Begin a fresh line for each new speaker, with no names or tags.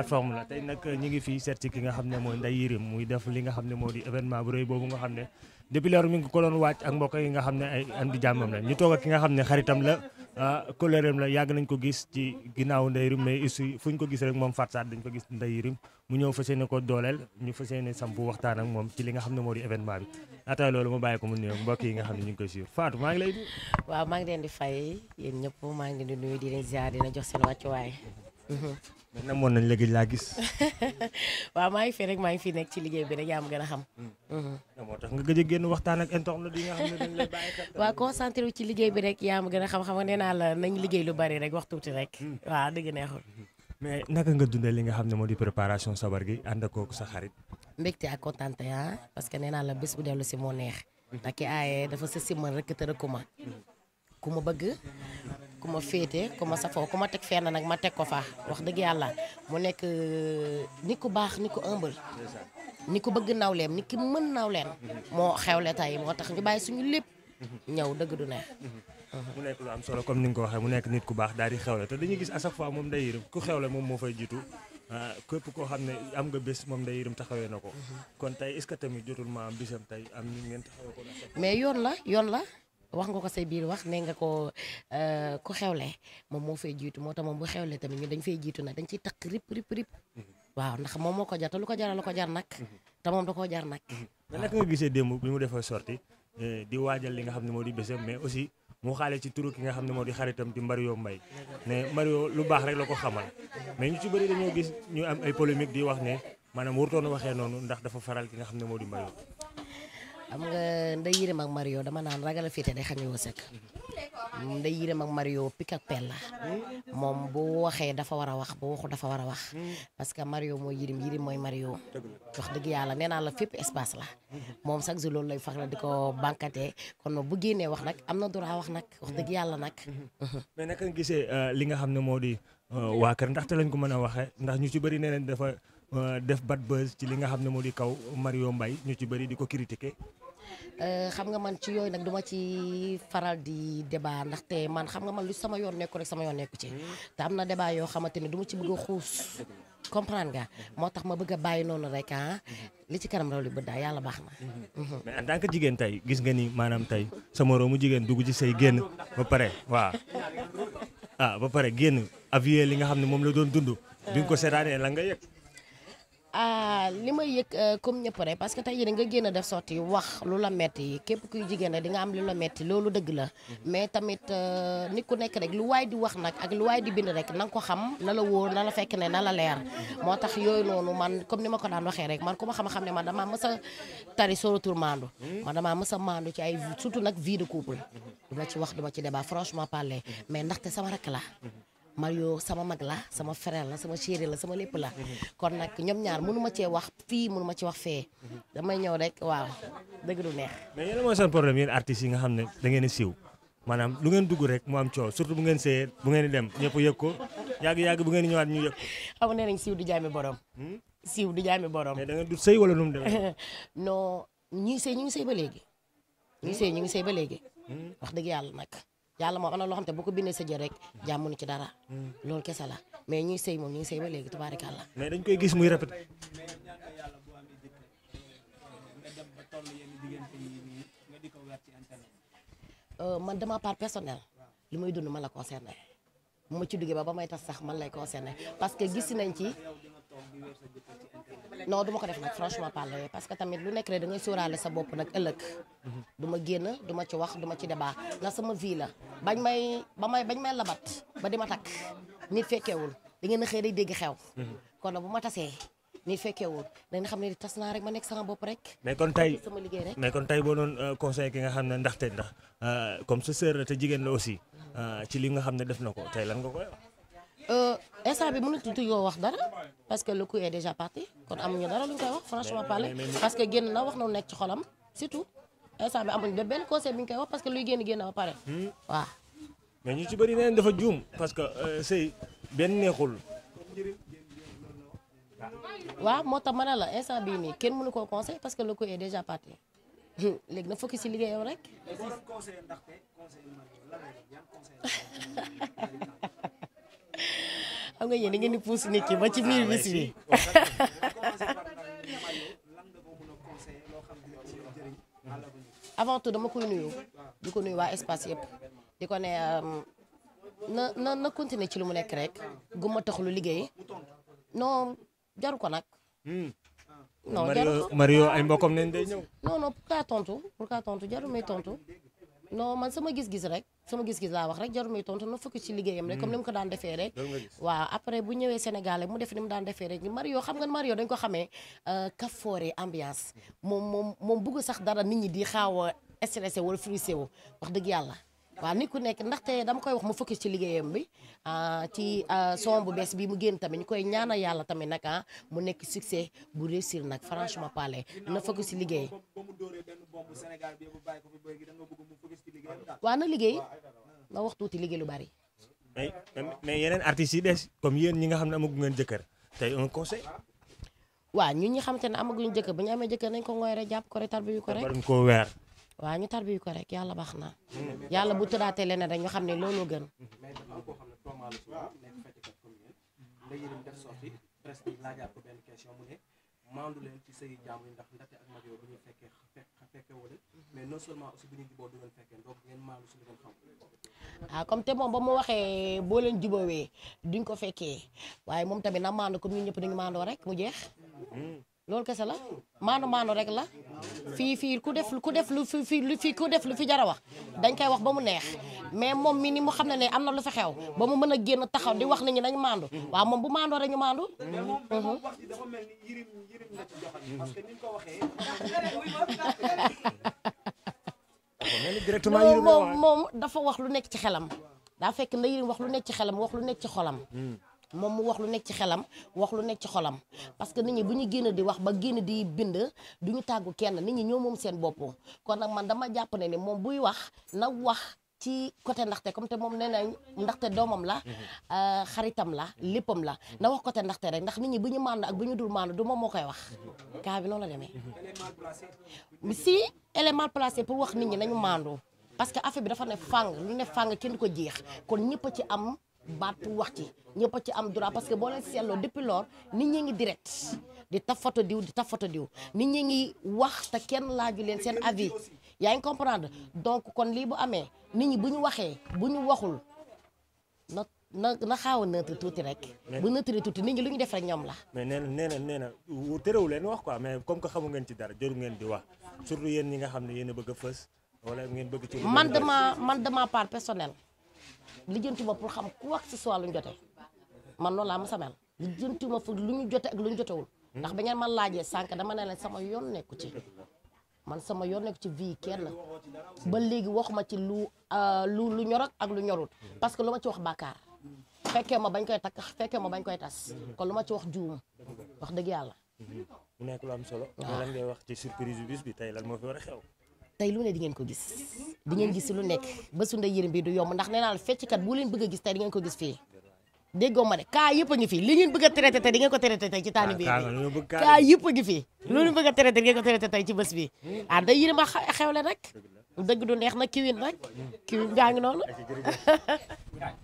plateforme la tey nag ñu ngi fii seet si ki nga xam ne mooy Ndeye Yerim muy def li nga xam ne moo di événement bu rëy boobu nga xam ne depuis lor mi ngi ko doon wàcc ak mbokk yi nga xam ne ay andi jàmmam la ñu toog ak ki nga xam ne xaritam la koleeram ah, la yàgg nañ ko gis ci ginnaaw Ndeye Yerim mais aussi fu ñu ko gis rek moom Fatou Sarr dañ ko gis Ndeye Yerim mu ñëw fas yéene ko dooleel ñu fas yéene sampu waxtaan ak moom ci li nga xam ne moo di événement bi laata loolu ma bàyyi ko mu nuyu mbokk yi nga xam ne ñu ngi koy suivre Fatou maa ngi lay
waaw maa ngi leen di fay yéen ñëpp maa ngi leen di nuyu di leen ziar dina jox seen wàccuwaay mais namoon nañ léegi laa gis. waaw maa ngi fi rek maa ngi fi nekk ci liggéey bi rek yaa ma gën a xam. Hmm.
Hmm. moo tax nga gëj a génn waxtaan ak internet yi nga xam ne dañ lay
bàyyi ci liggéey bi rek yaa ma gën xam xam nga nee naa la nañ liggéey lu bari rek wax tuuti rek. Hmm. waaw dëgg neexul.
mais naka nga dundee li nga xam ne moo di préparation sabar gi ànd ak sa xarit.
mbégte ak kontante ah parce que nee naa la bés bu dellu si moo neex. ndax ki aaye dafa sa siman rek te rëkkuma ku ma bëgg ku ma féete ku ma safoo ku ma teg fenn nag ma teg ko faa wax dëgg yàlla mu nekk euh, ni ku baax ni ku ëmbal ni ku bëgg nawleem ni ki mën nawleem moo xewle tey moo tax ñu bàyyi suñu lépp
ñëw dëgg du neex mu nekk lu am solo comme ni ko waxee mu nekk nit ku baax daal di xewle te dañuy gis à moom moo fay jiitu ah, képp koo xam ne am nga bés moom day yërëm taxawee na ko mhm. kon tey est-ce que tamit jotul ma am bisam tey am ñu ngeen taxawee ko mais
yoon la yoon la wax nga ko say biir wax ne nga ko euh, ku xewle moom moo fay jiitu moo tax moom bu xewle tamit ñu dañ fay jiitu nag dañ ciy takk rip rip rip mm-hmm. waaw ndax moom moo ko jar te lu ko jaral la ko jar nag mm-hmm. te moom da koo jar nag
waaw mm-hmm. naka bi mu defee sorti euh, di waajal li nga xam ne moo di bésam mais aussi mu xaale ci turu ki nga xam ne moo di xaritam di Mario Mbaye ne Mario lu baax rek la ko xamal mais ñu ci bëri dañoo gis ñu am ay polémique di wax ne maanaam warutoon waxee noonu ndax dafa faral ki nga xam ne moo di Mario
xam nga Ndeye Yirim ak Mario dama naan ragal a féete day xañ a wërsëg Ndeye Yirim ak Mario picc ak la moom bu waxee dafa war a wax bu waxu dafa war a wax parce que Mario mooy Yirim Yirim mooy Mario wax dëgg yàlla nee naa la fépp espace la moom chaque jour loolu lay la di ko bankate kon bu ne wax nag am na droit wax nag wax dëgg yàlla nag.
mais naka nga gisee euh, li nga xam ne moo di euh, waa ndax ndaxte lañ ko mën a waxee ndax ñu ci bari nee nañ dafa. Euh, def bad buzz ci li nga xam ne moo di kaw Mario Mbaye ñu ci bëri di ko critiquer.
Euh, xam nga man ci yooyu nag duma ci faral di débat ndaxte man xam nga man lu sama yoon nekku rek sama yoon nekku ci te am na débat yoo xamante ne du ci bëgg a xuus comprendre nga moo tax ma bëgg a bàyyi noonu rek ah li ci kanam raw li bët daal yàlla baax na.
Mhm. mais en tant que jigéen tey gis nga ni maanaam tey sa moroomu jigéen dugg ci say génn ba pare waaw ah, ba pare génn avié li nga xam ne moom la doon dund.
Ah, li may yëg euh, comme ñëpp rek parce que tey jii nga génn def sorti wax lu la metti képp kuy jigéen rek di nga am lu la metti loolu dëgg la mhm. mais tamit euh, nit ku nekk rek lu waaye di wax nag ak lu waaye di bind rek na ko xam na la woo na la fekk ne na la leer mhm. moo tax yooyu noonu man comme ni ma ko daan waxee rek man ku ma xam-xam ne man damaa mës a tari sorotul maandu mhm. man damaa mës a maandu ci ay surtout nag vie de couple duma ci wax duma ci débat franchement parler mais ndaxte sama rakk la Mario sama mag la sama frère la sama chéri la sama lépp la kon nag ñoom ñaar mënu ma cee wax fii mënu ma ci wax fee damay ñëw rek waaw da
ngeen a siiw maanaam lu ngeen dugg rek mu am coow surtout bu ngeen see bu di dem bu ngeen di ñëwaat ñu yëg ko xam ne nañ siiw du jaami borom hmm?
siiw du jaami borom mais da ngi sëy ba léegi ñii sëy ñu sëy ba léegi hmm? wax dëgg yàlla nag yàlla moom am na loo xam te bu ko bindee sa jër rek jàmmuñu ci dara hmm. loolu kese la mais ñuy sëy moom ñu ngi sëy ba léegi tubaarikàlla
mais dañ koy gis muy répété
euh, man dama part personnel lu muy dund man la concerné mu ma ci duggee ba ba may tas sax man lay concerné parce que gis nañ ci non du ma ko def nag franchement parler parce que tamit lu nekk rek da ngay sóoraale sa bopp nag ëllëg. du ma génn ci wax du ci débat ndax sama vie la bañ may ba may bañ labat ba di ma takk nit fekkeewul da ngeen a xëy day dégg xew. kon nag bu ma tasee. ni fekkeewul danga xam ne di tas naa rek ma nekk sama bopp rek.
mais kon tey sama liggéey rek boo doon euh, conseil ki nga xam ne te ndax euh, comme sa sœur la te jigéen la aussi euh, ci li nga xam ne def na ko tey lan nga koy wax.
instant bi mënut tujoo wax dara parce que le coup est déjà parti kon amuñu dara lu ñu koy wax franchement parler parce que génn na wax na nekk ci xolam surtout instant bi amuñu ba benn conseil bi ñu koy wax parce que luy génn génn na ba pare.
Hmm. waaw. ci bëri neen dafa juum parce que euh, benn neexul.
waaw moo tax ma ne la instant bii nii kenn mënu koo conseil parce que le coup est déjà parti léegi na focus ci yow rek. xam nga yéen da ngeen di pousse nit ma ci miir bis bi.
avant tout dama koy nuyu di ko nuyu waa espace yëpp di ko ne euh, na
na na ci lu mu nekk rek guma tax lu liggéey non jaru ko nag.
Hmm. non jaru ko Mario ay mbokkam nañ day ñëw.
non non pourquoi tontu pourquoi tontu tontu. non man sama gis-gis rek sama gis-gis laa wax rek jarul muy tontu na fukki ci liggéeyam rek comme ni mu ko daan defee rek waaw après bu ñëwee Sénégal mu def ni mu daan defee rek Mario xam nga Mario dañ ko xamee euh, kafoore ambiance moom moom moom bugg sax dara nit ñi di xaaw a stressé wala frustré wu wax dëgg yàlla waa nit ku nekk ndaxte dama koy wax mu focus ci liggéeyam bi ah, ci ah, son bu bees bi mu génn tamit ñu koy ñaanal yàlla tamit nag ah mu nekk succès bu réussir nag franchement parler na focus ci liggéey. waaw na liggéey na wax tuuti liggéey lu bari.
mais mais yeneen artistes yi des comme yéen ñi nga xam ne amagu ngeen jëkkër tey ko conseil.
waaw ñun ñi xamante ne amaguñu jëkkër ba ñu amee jëkkër nañ ko ngooy rek jàpp ko rek tarbi yu ko rek. waaw ñu tarbi ko rek yàlla baax na yàlla bu tëddaatee leneen rek ñu xam ne loolu gën.
mais dafa am koo xam ne Toma la su ma nekk leen ci sëy jàmm yi ndax ndaxte ak mag yooyu ñu fekkee fekkee wala mais non seulement aussi bu ñu juboo du ngeen fekkee donc ngeen
ah, te moom ba mu waxee boo leen jubawee duñ ko fekkee waaye moom tamit na maandu comme ñun ñëpp dañu maandoo rek mu jeex. Hmm. loolu kese la maanu maanu rek la fii fii ku def ku def lu fi fii def lu fi jar a wax dañ koy wax ba mu neex mais moom mi ni mu xam ne ne am na lu fi xew ba mu mën a génn taxaw di wax nañu dañ maandu waaw moom bu maandoo rek ñu maandu mm-hmm. moom moom dafa wax lu nekk ci xelam daa fekk na yirim wax lu nekk ci xelam wax lu nekk ci xolam mm. moom mu wax lu nekk ci xelam wax lu nekk ci xolam parce que nit ñi bu ñu génn di wax ba génn di bind du ñu tàggu kenn nit ñi ñoo moom seen bopp kon nag man dama jàpp ne moom buy wax na wax ci côté ndaxte comme moom nee ndaxte doomam la mhm. euh, xaritam la léppam la na wax côté ndaxte rek ndax nit ñi bu ñu maandu ak bu ñu dul maandu du moom moo koy wax kaa mhm. bi noonu la demee mhm. si élément placé pour wax nit ñi nañu maandu parce que affaire bi dafa ne fàng lu ne fàng kenn du ko jeex kon ñëpp ci am baat pour wax ci ñëpp ci am droit parce que boo leen seetloo depuis lors nit ñi ngi direct di taf foto diw di taf photo diw nit ñi ngi wax te kenn laaju leen seen avis yaa ngi comprendre donc kon lii bu amee nit ñi bu ñu waxee bu ñu waxul na na na xaaw a nëtër tuuti rek. bu nëtëree tuuti nit ñi lu ñu def rek ñoom la.
mais nee na nee na nee na tërewu leen wax ko mais comme que xamu ngeen ci dara jëru ngeen di wax surtout yéen ñi nga xam ne yéen a bëgg fës wala ngeen bëgg ci. man
dama man dama part personnel. lijjanti ma pour xam ku ak si soit luñ jotee man noonu laa mës a mel lijjanti ma fu lu ñu jote ak lu ñu jotewul ndax ba ngeen man laajee sànq dama ne leen sama yoon nekku ci man sama yoon nekku ci vie kenn ba léegi waxuma ci lu euh, lu lu ñor ak lu ñorut parce que lu ma ci wax bàkkaar fekkee ma bañ koy takk fekkee ma bañ koy tas kon lu ma ci wax juum wax dëgg
yàlla mu nekk lu am solo lan ngay wax ci surprise bis bi tey lan moo fi war a xew
tey lu ne di ngeen ko gis di ngeen gis lu nekk bésu ndey yërim bi du yomb ndax nee naa la fecckat bu leen bëgg gis tey di ngeen ko gis fii déggoo ma ne kaa yëpp a ngi fii li ngeen bëgg a traité tey di ko traité tey ci taani bi kaa yëpp a ngi fii loolu bëgg a traité di ngeen ko traité tey ci bés bi ah ndey yërim a xewle nag dëgg du neex nag kiwin nag kiwin gaa ngi noonu